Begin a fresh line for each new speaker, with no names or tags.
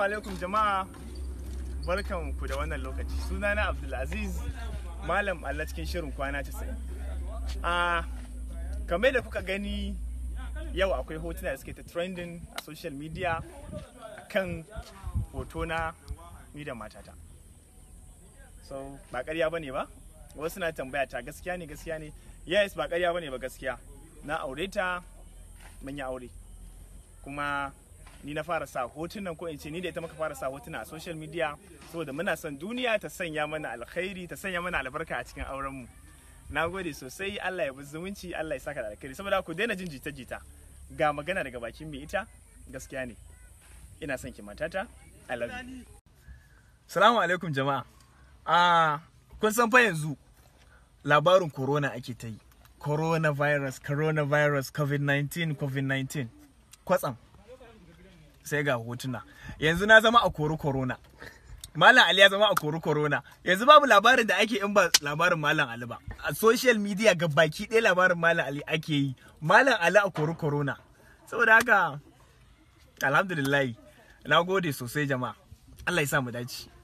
alaikum jama'a barkan ku da wannan lokaci sunana abdulaziz malam allah cikin shirin kwana 90 a ah, kamar da kuka gani yau akwai hotuna da suke ta trending a social media kan hotona ni da matata so ba karya ne ba wasu na tambaya ta gaskiya ne gaskiya ne yes ba karya ne ba gaskiya na aure ta mun yi aure kuma ni na fara sa hotunan ko in ce ni da ita muka fara sa hotuna a social media saboda muna son duniya ta sanya mana alkhairi ta sanya mana albarka a cikin auren mu na gode sosai Allah ya bi zumunci Allah ya saka da alkhairi saboda ku daina jin jita jita ga magana daga bakin mai ita gaskiya ne ina son ki matata I love you Salamu alaikum jama'a a kun san fa yanzu labarin corona ake ta yi coronavirus coronavirus covid-19 covid-19 kwatsam sai ga hotuna yanzu na zama a kori corona Malam Ali ya zama a kori corona yanzu babu labarin da ake in ba labarin Malam Ali ba a social media ga baki ɗaya labarin Malam Ali ake yi Malam Ali a kori corona saboda haka alhamdulillah na gode sosai jama'a Allah ya sa mu dace